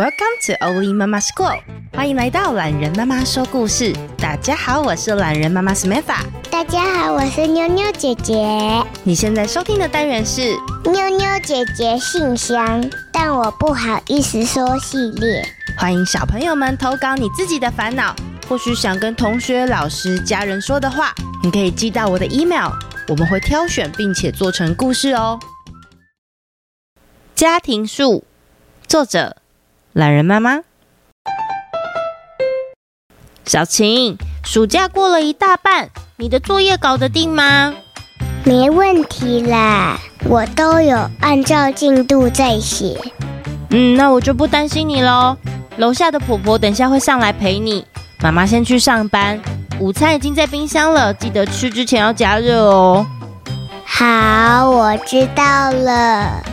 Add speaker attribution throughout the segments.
Speaker 1: Welcome to Oli Mama School，歡迎來到欖仁媽媽說故事。大家好，
Speaker 2: 我是欖仁媽媽 Smitha。大家好，我是妞妞姐姐。你現在收聽的單元是妞妞姐姐信箱，但我不好意思說
Speaker 1: 系列。歡迎小朋友們投稿你自己的煩惱，或許想跟同學、老師、家人說的話，你可以寄到我的 email，我們會挑選並且做成故事哦。家庭樹，作者。欖仁媽媽，小晴，暑假
Speaker 2: 過了一大半，你的作業搞得定嗎？沒問題啦，我都有按照進度在寫。嗯，那我就不擔
Speaker 1: 心你嘍。樓下的婆婆等下會上來陪你，媽媽先去上班。午餐已經在冰箱了，記得吃之前要加熱哦。好，我
Speaker 2: 知道了。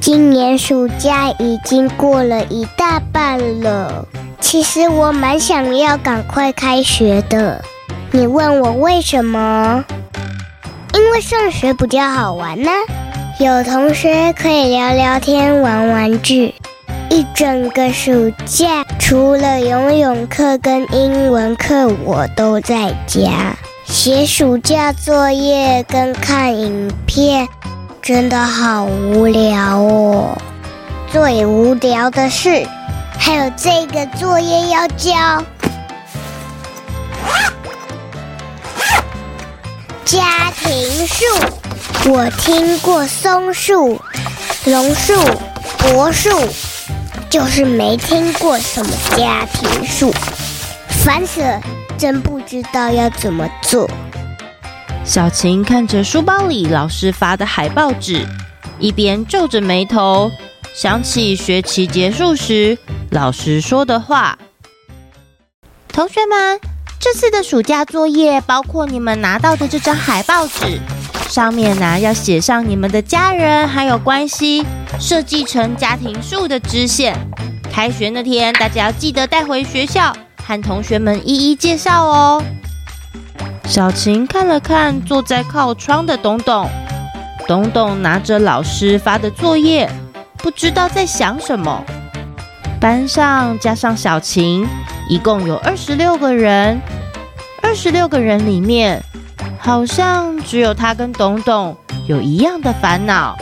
Speaker 2: 今年暑假已經過了一大半了，其實我蠻想要趕快開學的。你問我為什麼？因為上學比較好玩呢、啊，有同學可以聊聊天、玩玩具。一整個暑假，除了游泳課跟英文課，我都在家寫暑假作業跟看影片。真的好無聊哦，最無聊的是，還有這個作業要交。家庭樹，我聽過松樹、榕樹、柏樹，就是沒聽過什麼家庭樹，煩死了，真不知道要怎麼做。
Speaker 1: 小琴看着書包裡老師發的海報紙，一邊皺着眉頭，想起學期結束時老師說的話：“同學們，這次的暑假作業包括你們拿到的這張海報紙，上面呢、啊、要寫上你們的家人還有關係，設計成家庭樹的支線。開學那天，大家要記得帶回學校，和同學們一一介紹哦。”小晴看了看坐在靠窗的董董，董董拿着老師發的作業，不知道在想什麼。班上加上小晴，一共有二十六個人。二十六個人裡面，好像只有他跟董董有一
Speaker 2: 樣的煩惱，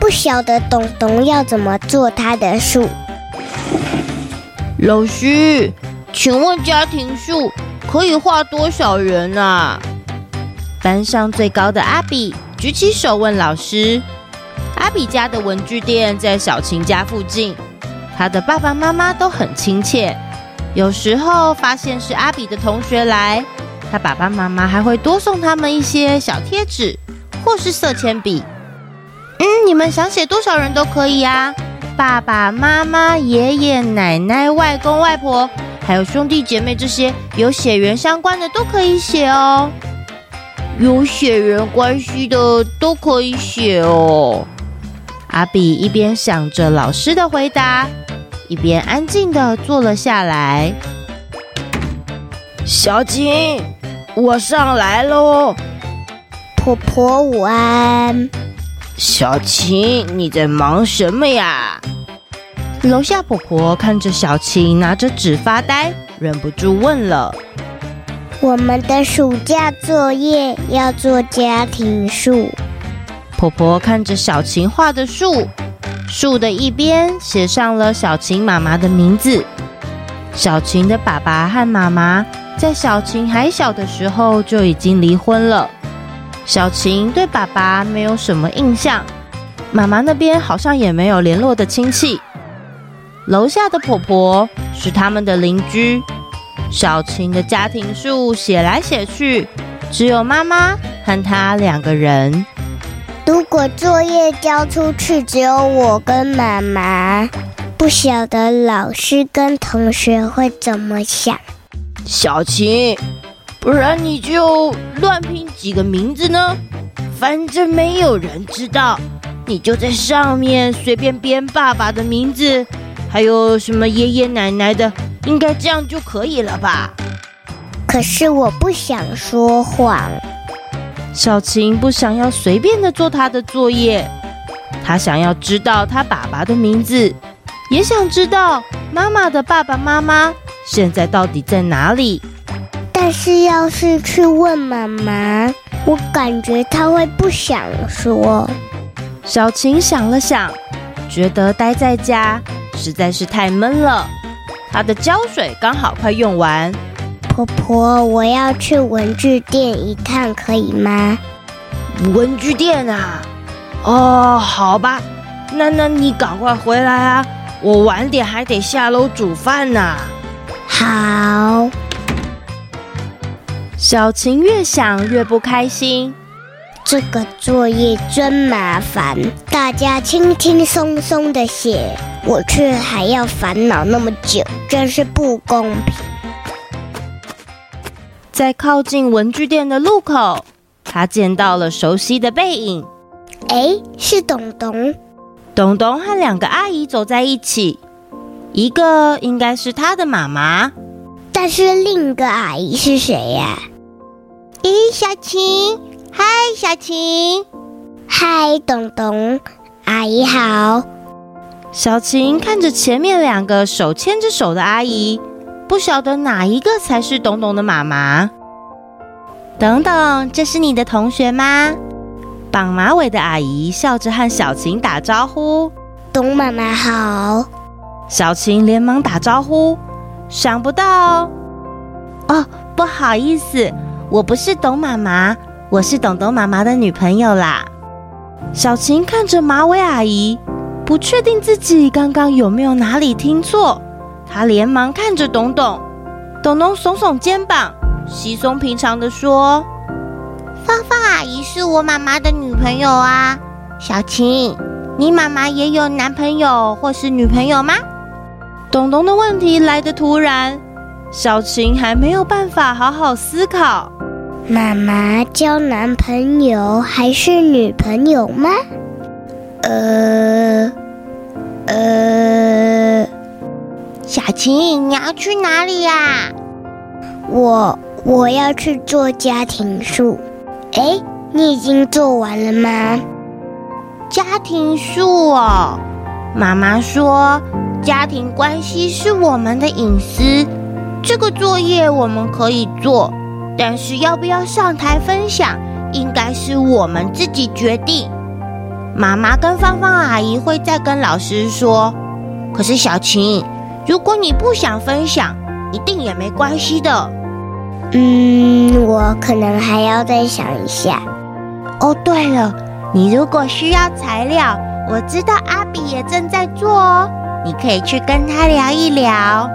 Speaker 2: 不曉得董董要怎麼做他的樹。老師，請問家庭樹可以畫
Speaker 1: 多少人啊？班上最高的阿比舉起手問老師：“阿比家的文具店在小晴家附近，他的爸爸媽媽都很親切。有時候發現是阿比的同學來，他爸爸媽媽還會多送他們一些小貼紙或是色鉛筆。”嗯，你們想寫多少人都可以啊！爸爸媽媽、爺爺奶奶、外公外婆。還有兄弟姐妹這些有血緣相關的都可以寫哦，有血緣關係的都可以寫哦。阿比一邊想着老師的回答，一邊安靜的坐了下來。小琴，我上來嘍。婆婆，午安。小琴，你在忙什麼呀？樓下婆婆看着小琴拿着紙發呆，忍不住問了：“
Speaker 2: 我們的暑假作業要做家庭樹。”
Speaker 1: 婆婆看着小琴畫的樹，樹的一邊寫上了小琴媽媽的名字。小琴的爸爸和媽媽在小琴還小的時候就已經離婚了。小琴對爸爸沒有什麼印象，媽媽那邊好像也沒有聯絡的親戚。樓下的婆婆是他們的鄰居。小琴的家庭樹寫來寫去，只有媽媽和她兩個人。
Speaker 2: 如果作業交出去，只有我跟媽媽，不曉得老師跟同學會怎麼想。小琴，不然你就亂拼幾個名字呢？反正沒有人
Speaker 1: 知道，你就在上面隨便編爸爸的名字。還有什麼爺爺奶奶的，應該這樣就可以了吧？可是我不想說謊。小琴不想要隨便的做他的作業，她想要知道他爸爸的名字，也想知道媽媽的爸爸媽媽現在到底在哪裡。但是要是去問媽媽，我感覺她會不想說。小琴想了想，覺得待在家。實在是太悶了，他的膠水剛好快用完。
Speaker 2: 婆婆，我要去文具店一趟，可以嗎？文具店啊？
Speaker 1: 哦，好吧，那那你趕快回來啊，我晚點還得下樓煮飯呢啊。好。
Speaker 2: 小琴越想越不開心。這個作業真麻煩，大家輕輕鬆鬆的寫，我卻還要煩惱那麼久，真是不公平。
Speaker 1: 在靠近文具店的路口，他見到了熟悉的背影。哎，是東東。東東和兩個阿姨走在一起，一個應該是他的媽媽，但是另一個阿姨是誰呀、
Speaker 2: 啊？咦，小琴。嗨，Hi, 小晴！嗨，董董，阿姨好。小晴看着前面兩
Speaker 1: 個手牽着手的阿姨，不曉得哪一個才是董董的媽媽。等等，這是你的同學嗎？綁馬尾的阿姨笑着和小晴打招呼：“董媽媽好。”小晴連忙打招呼：“想不到哦，哦，不好意思，我不是董媽媽。”我是懂懂媽媽的女朋友啦。小晴看着馬尾阿姨，不確定自己剛剛有沒有哪裡聽錯。她連忙看着懂懂，懂懂聳聳肩膀，稀鬆平常地說：“芳芳阿姨是我媽媽的女朋友啊。”小晴，你媽媽也有男朋友或是女朋友嗎？懂懂的問題來得突然，小晴還沒有辦法好好思
Speaker 2: 考。媽媽交男朋友還是女朋友嗎？呃呃，小琴，你要去哪裡呀？我我要去做家庭樹。哎，你已經做完了嗎？家庭樹哦，媽媽說家庭
Speaker 1: 關係是我們的隱私，這個作業我們可以做。但是要不要上台分享，應該是我們自己決定。媽媽跟芳芳阿姨會再跟老師說。可是小琴，
Speaker 2: 如果你不想分享，一定也沒關係的。嗯，我可能還要再想一下。哦，對了，你如果需要材料，我知道阿比也正在做哦，你可以去跟他
Speaker 1: 聊一聊。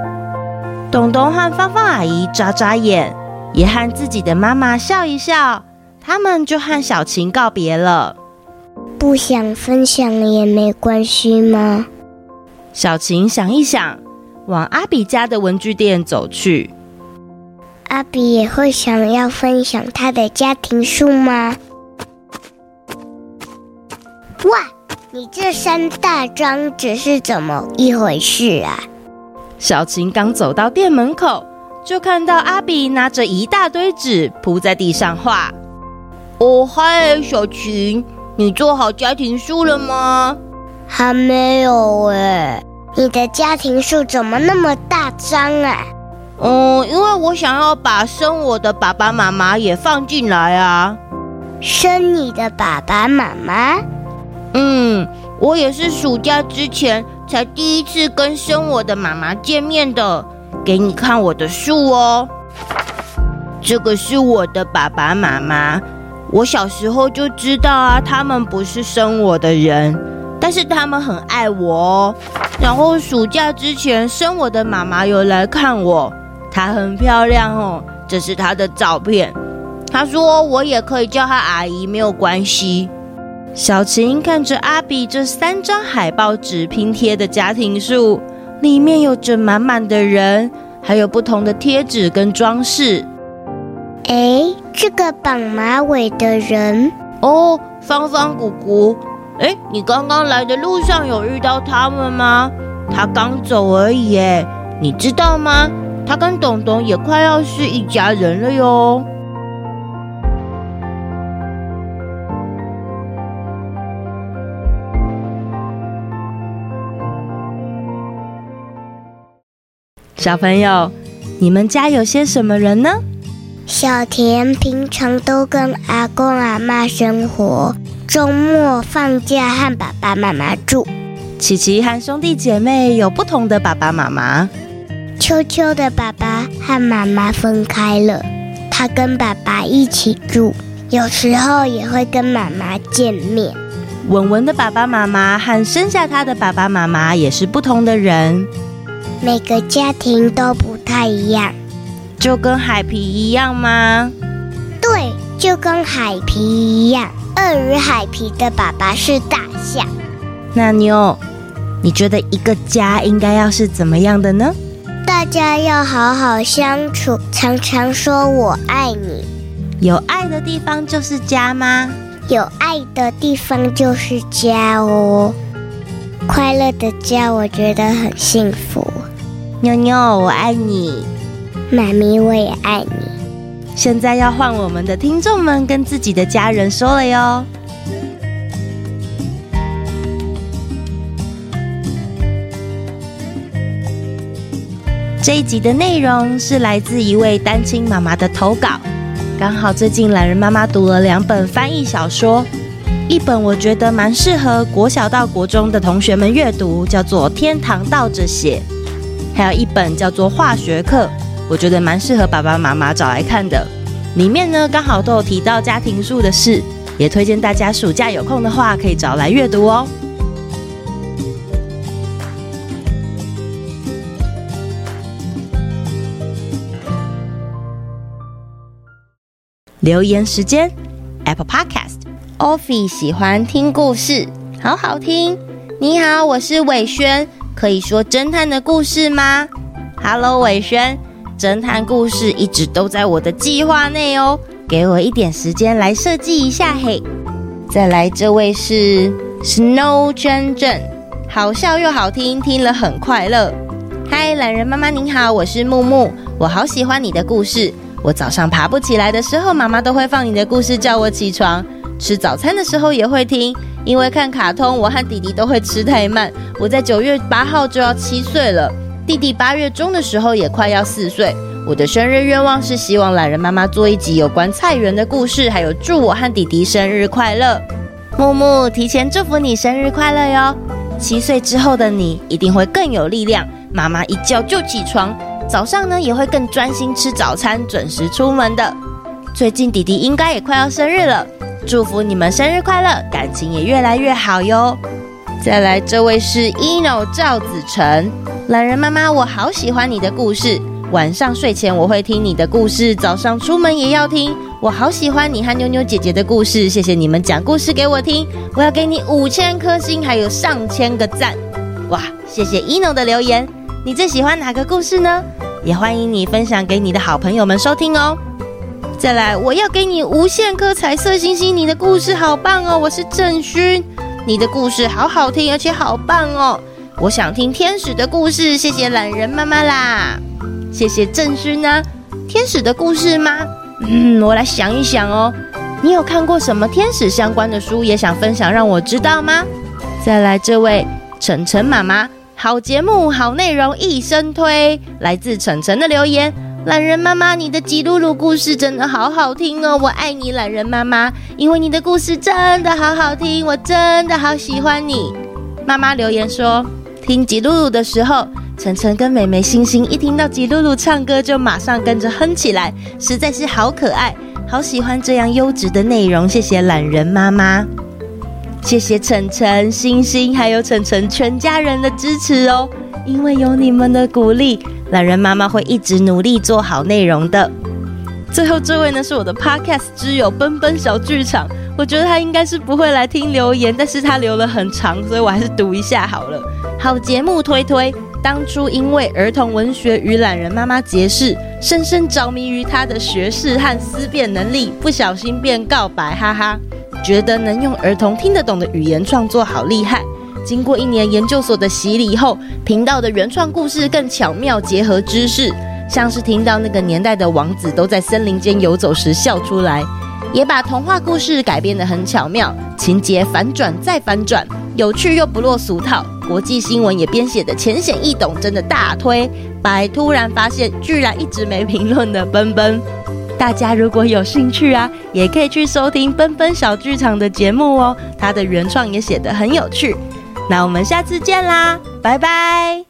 Speaker 1: 東東和芳芳阿姨眨眨眼。也和自己的媽媽笑一笑，他們就和小琴告別了。
Speaker 2: 不想分享也沒關係嗎？
Speaker 1: 小琴想一想，往阿比家的文具店走去。
Speaker 2: 阿比也會想要分享他的家庭樹嗎？哇，你這三大張紙是怎麼一回事啊？
Speaker 1: 小琴剛走到店門口，就看到阿比拿着一大堆紙鋪在地上畫。
Speaker 2: 哦嗨，小群，你做好家庭樹了嗎？還沒有哎。你的家庭樹怎麼那麼大張啊？嗯，因為我想要把生我的爸
Speaker 1: 爸媽媽也放進來啊。生你的爸爸媽媽？嗯，我也是暑假之前才第一次跟生我的媽媽見面的。給你看我的樹哦，這個是我的爸爸媽媽。我小時候就知道啊，他們不是生我的人，但是他們很愛我哦。然後暑假之前，生我的媽媽又來看我，她很漂亮哦，這是她的照片。她說我也可以叫她阿姨，沒有關係。小琴看着阿比這三張海報紙拼貼的家庭樹。裡面有着滿滿的人，還有不同的貼紙跟裝飾。
Speaker 2: 哎，這個綁馬尾的人？哦，芳芳姑姑。哎，
Speaker 1: 你剛剛來的路上有遇到他們嗎？他剛走而已，哎，你知道嗎？他跟董董也快要是一家人了喲。
Speaker 2: 小朋友，你們家有些什麼人呢？小田平常都跟阿公阿嬤生活，周末放假和爸爸媽媽住。琪琪和兄弟姐妹有不同的爸爸媽媽。秋秋的爸爸和媽媽分開了，他跟爸爸一起住，有時候也會跟媽媽見面。
Speaker 1: 文文的爸爸媽媽和生下他的爸爸媽媽也是不同的人。
Speaker 2: 每個家庭都不太一樣，就跟海皮一樣嗎？對，就跟海皮一樣。鱷魚海皮的爸爸是大象。
Speaker 1: 那妞，你覺得一個家應該要是怎麼樣的呢？
Speaker 2: 大家要好好相處，常常說我愛你。有愛的地方就是家嗎？有愛的地方就是家哦。快樂的家，我覺得很幸福。妞妞，我愛你！媽咪，我也愛你！
Speaker 1: 現在要換我們的聽眾們跟自己的家人說了喲。這一集的內容是來自一位單親媽媽的投稿，剛好最近欖仁媽媽讀了兩本翻譯小說，一本我覺得蠻適合國小到國中的同學們閱讀，叫做《天堂倒着寫》。還有一本叫做《化學課》，我覺得蠻適合爸爸媽媽找來看的。裡面呢，剛好都有提到家庭樹的事，也推薦大家暑假有空的話可以找來閱讀哦。留言時間，Apple Podcast，Ophie 喜歡聽故事，好好聽。你好，我是偉軒。可以說偵探的故事嗎？Hello，偉軒，偵探故事一直都在我的計劃內哦，給我一點時間來設計一下嘿。再來，這位是 Snow Jen Jen，好笑又好聽，聽了很快樂。嗨，欖仁媽媽您好，我是木木，我好喜歡你的故事，我早上爬不起來的時候，媽媽都會放你的故事叫我起床，吃早餐的時候也會聽。因為看卡通，我和弟弟都會吃太慢。我在九月八號就要七歲了，弟弟八月中的時候也快要四歲。我的生日願望是希望欖仁媽媽做一集有關菜園的故事，還有祝我和弟弟生日快樂。木木，提前祝福你生日快樂喲！七歲之後的你一定會更有力量，媽媽一叫就起床，早上呢也會更專心吃早餐，準時出門的。最近弟弟應該也快要生日了。祝福你們生日快樂，感情也越來越好喲。再來，這位是 Eno 趙子晨，欖仁媽媽，我好喜歡你的故事，晚上睡前我會聽你的故事，早上出門也要聽。我好喜歡你和妞妞姐姐的故事，謝謝你們講故事給我聽。我要給你五千顆星，還有上千個贊。哇，謝謝 Eno 的留言，你最喜歡哪個故事呢？也歡迎你分享給你的好朋友們收聽哦。再來，我要給你無限顆彩色星星。你的故事好棒哦，我是鄭勳。你的故事好好聽，而且好棒哦。我想聽天使的故事，謝謝欖仁媽媽啦，謝謝鄭勳呢、啊。天使的故事嗎？嗯，我來想一想哦。你有看過什麼天使相關的書，也想分享讓我知道嗎？再來，這位晨晨媽媽，好節目，好內容，一生推，來自晨晨的留言。欖仁媽媽，你的吉露露故事真的好好聽哦，我愛你，欖仁媽媽，因為你的故事真的好好聽，我真的好喜歡你。媽媽留言說，聽吉露露的時候，晨晨跟妹妹、星星一聽到吉露露唱歌就馬上跟着哼起來，實在是好可愛，好喜歡這樣優質的內容。謝謝欖仁媽媽，謝謝晨晨、星星還有晨晨全家人的支持哦，因為有你們的鼓勵。欖仁媽媽會一直努力做好內容的。最後這位呢，是我的 Podcast 之友奔奔小劇場。我覺得他應該是不會來聽留言，但是他留了很長，所以我還是讀一下好了。好節目推推，當初因為兒童文學與欖仁媽媽結識，深深着迷於他的學識和思辨能力，不小心便告白，哈哈。覺得能用兒童聽得懂的語言創作，好厲害。經過一年研究所的洗禮後，頻道的原創故事更巧妙結合知識，像是聽到那個年代的王子都在森林間遊走時笑出來，也把童話故事改編得很巧妙，情節反轉再反轉，有趣又不落俗套。國際新聞也編寫的淺顯易懂，真的大推。白突然發現，居然一直沒評論的奔奔，大家如果有興趣啊，也可以去收聽奔奔小劇場的節目哦，他的原創也寫得很有趣。那我們下次見啦，拜拜。